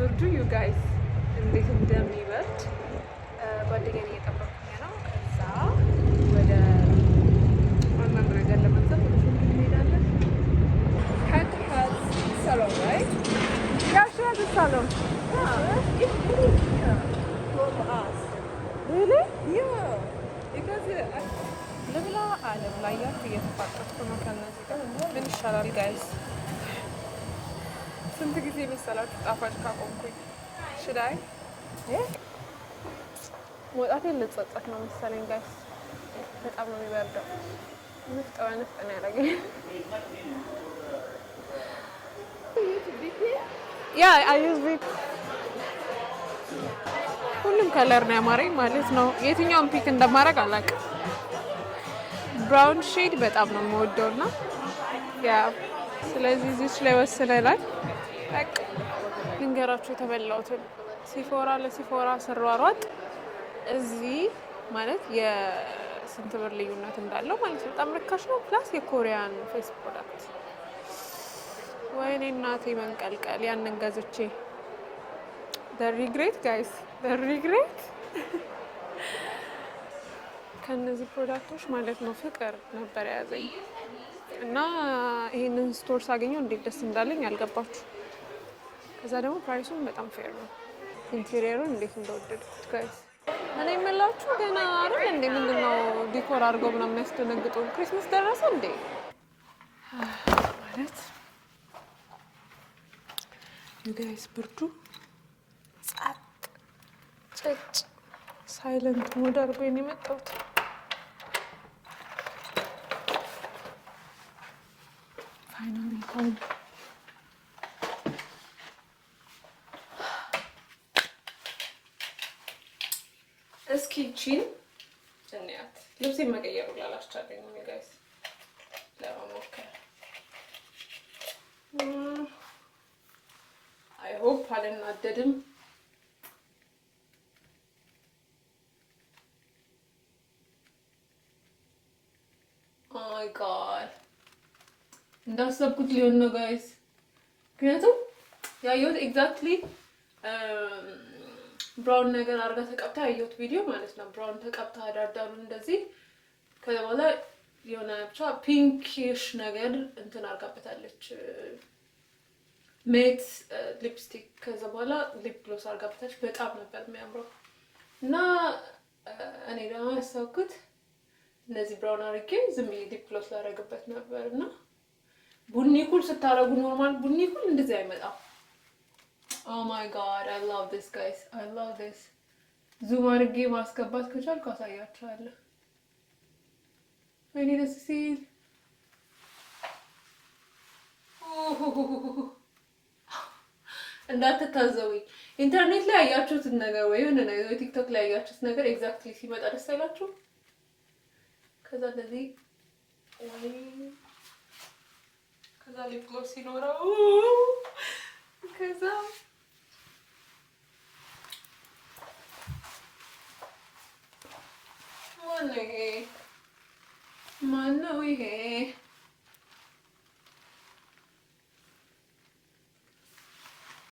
ብርዱ ዩ ጋይስ እንዴት እንደሚበርድ ጓደኛዬን እየጠበኩኝ ነው። ከዛ ወደ አንዳንድ ነገር ለመግዛት ወደ ሱቅ እንሄዳለን። ሀት ሀት ሳሎን ላይ ያሽ ሳሎን ልብላ አለም ላይ ያልኩ እየተፋጠጥኩ ነው። ከነዚህ ጋር ምን ይሻላል ጋይስ? እዚህ የመሰላችሁ ጣፋጭ ካቆምኩኝ ሽዳይ መውጣቴ ልጸጸት ነው መሰለኝ። ጋይስ በጣም ነው የሚበርደው። ንፍጥ በንፍጥ ነው ያደረገኝ። ያ አዩዝ ቤት ሁሉም ከለር ነው ያማረኝ ማለት ነው። የትኛውን ፒክ እንደማድረግ አላውቅም። ብራውን ሼድ በጣም ነው የምወደው እና ያ ስለዚህ እዚች ላይ ወስነናል። ልንገራችሁ የተበላሁትን ሲፎራ ለሲፎራ ስሯሯጥ እዚህ ማለት የስንት ብር ልዩነት እንዳለው ማለት ነው። በጣም ርካሽ ነው። ፕላስ የኮሪያን ፌስ ፕሮዳክት ወይኔ እናቴ መንቀልቀል ያንን ገዝቼ ሪግሬት ጋይስ ሪግሬት ከእነዚህ ፕሮዳክቶች ማለት ነው ፍቅር ነበር የያዘኝ እና ይህንን ስቶር ሳገኘው እንዴት ደስ እንዳለኝ አልገባችሁ። ከዛ ደግሞ ፕራይሱን በጣም ፌር ነው። ኢንቴሪየሩን እንዴት እንደወደድኩት ጋይስ እኔ የምላችሁ ገና አረ እንዴ? ምንድን ነው ዲኮር አድርገው ምናምን የሚያስደነግጡ። ክሪስማስ ደረሰ እንዴ ማለት ዩጋይስ፣ ብርዱ ጸጥ ጭጭ ሳይለንት ሞድ አድርጎ ነው የመጣሁት። ፋይናሊ እስኪ ቺን እንያት። ልብሴን መቀየሩ ላላስቻለኝ ጋይስ ለመሞከር አይሆፕ አልናደድም። ማይ ጋድ እንዳሰብኩት ሊሆን ነው ጋይስ፣ ምክንያቱም ያየሁት ኤግዛክትሊ ብራውን ነገር አድርጋ ተቀብታ ያየሁት ቪዲዮ ማለት ነው። ብራውን ተቀብታ አዳርዳሩ እንደዚህ ከዛ በኋላ የሆነ ብቻ ፒንኪሽ ነገር እንትን አርጋበታለች ሜት ሊፕስቲክ ከዛ በኋላ ሊፕ ግሎስ አርጋበታች በጣም ነበር የሚያምረው እና እኔ ደግሞ ያስታውኩት እነዚህ ብራውን አርጌ ዝም ሊፕ ግሎስ ላደርግበት ነበር እና ቡኒ ኩል ስታደርጉ ኖርማል ቡኒ ኩል እንደዚህ አይመጣም ኦ ማይ ጋድ አይ ላቭ ዲስ ጋይስ አይ ላቭ ዲስ። ዙም አድርጌ ማስገባት ከቻልኩ አሳያችኋለሁ። ወይኔ ደስ ሲል እንዳትታዘቡኝ። ኢንተርኔት ላይ ያያችሁትን ነገር ወይ የሆነ ነገር ቲክቶክ ላይ ያያችሁት ነገር ኤግዛክትሊ ሲመጣ ደስ አይላችሁ? ከዛ እንደዚህ ወይ ከዛ ሊፕ ግሎስ ሲኖረው ከዛ Mano, yeah.